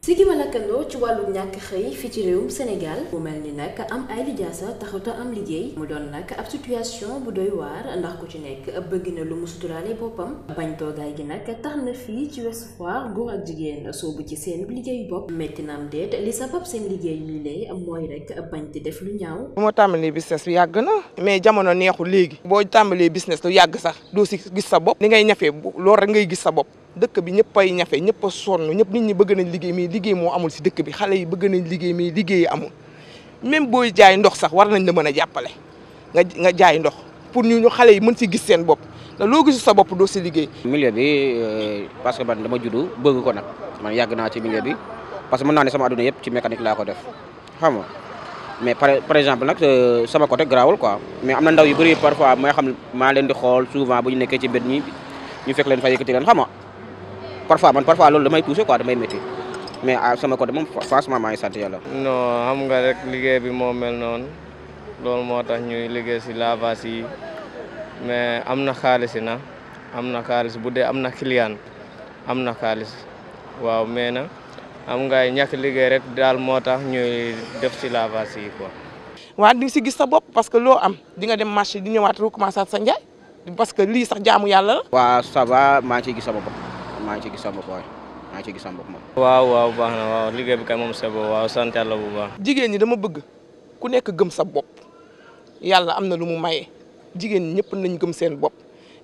si gi ma lakkandoo ci wàllu ñàkk xëy fii ci réewum Sénégal mu mel ni nag am ay lijaasa taxuta am liggéey mu doon nag ab situation bu doy waar ndax ku ci nekk bëgg na lu mu suturaale boppam bañ toogaay gi nag tax na fii ci Ouest Foire góor ak jigéen soobu ci seen liggéeyu bopp métti naa am déet li sabab seen liggéey yi lay mooy rek bañ di def lu ñaaw. bu ma tàmbalee business bi yàgg na mais jamono neexu léegi. boo tàmbalee business lu yàgg sax doo gis sa bopp. li ngay ñafee loolu rek ngay gis sa bopp. dëkk bi ñëpp ay ñafe ñëpp a sonn ñëpp nit ñi bëgg nañ liggéey mais liggéey moo amul si dëkk bi xale yi bëgg nañ liggéey mais liggéey amul même booy jaay ndox sax war nañ la mën a jàppale nga nga jaay ndox pour ñu ñu xale yi mën si gis seen bopp te loo gisu sa bopp doo si liggéey. milieu bi euh, parce que man dama juddu bëgg ko nag man yàgg naa ci milieu bi parce que mën naa ne sama adduna yëpp ci mécanique laa ko def xam nga mais par par exemple nag euh, sama côté garaawul quoi mais am na ndaw yu bëri parfois may xam maa leen di xool souvent bu ñu nekkee ci mbir ñi ñu fekk leen fa yëkkati leen parfois man parfois loolu damay touché quoi damay métti mais ah sama côté moom franchement maa sant yàlla. non nga rek liggéey bi moo mel noonu loolu moo tax ñuy liggéey si lavage yi mais am na xaalis na am na xaalis bu dee am na client am na xaalis waaw mais nag am nga ñàkk liggéey rek daal moo tax ñuy def si lavage yi quoi. waaw di nga si gis sa bopp parce que loo am di nga dem marché di ñëwaat recommencer sa njaay parce que lii sax jaamu yàlla la. waaw ça va maa ngi ciy gis sa bopp. maa ngi ci gis sama bopp maa ngi ci gis sama bopp moom. waaw moom c'est bon waaw sant yàlla bu jigéen ñi dama bëgg ku nekk gëm sa bopp yàlla am na lu mu maye jigéen ñëpp nañ gëm seen bopp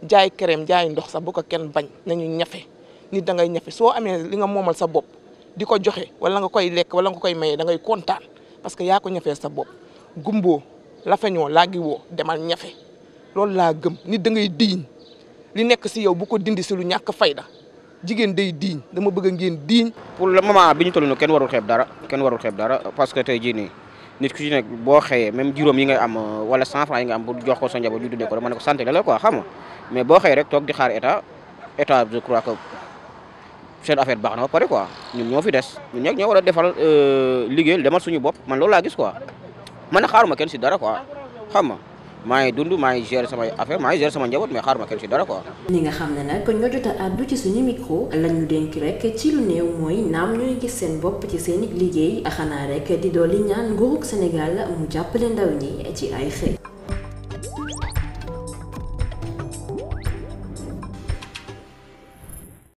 jaay crème jaay ndox sa bu ko kenn bañ nañu ñafe nit da ngay ñafe soo amee li nga moomal sa bopp di ko joxe wala nga koy lekk wala nga koy maye da ngay kontaan parce que yaa ko ñafee sa bopp gumboo la feñoo laa gi woo demal ñafe loolu laa gëm nit da ngay li nekk si yow bu ko dindi si lu ñàkk fayda jigéen day diiñ dama bëgg ngeen diiñ. pour le moment bi ñu toll nii kenn warul xeeb dara kenn waru xeeb dara parce que tey jii nii nit ku ci nekk boo xëyee même juróom yi ngay am euh, wala cent franc yi nga am bu jox ko sa njaboot ñu dundee ko dama ne ko santé la la quoi mais boo xëyee rek toog di état état crois que seen affaire baax na ba pare quoi ñun ñoo fi des ñun ñëpp ñoo war a defal euh, liggéey demal suñu bopp man loolu laa gis quoi man na xaaruma kenn si dara quoi xam nga maa ngi dund maa ngi gérer samay affaire maa ngi gérer sama njaboot mais xaar ma kenn ci dara quoi. ñi nga xam ne nag ñoo jot a àddu ci suñu micro lañu dénk rek ci lu néew mooy naam ñooy gis seen bopp ci seen liggéey xanaa rek di li ñaan nguurug Sénégal mu jàppale ndaw ñi ci ay xëy.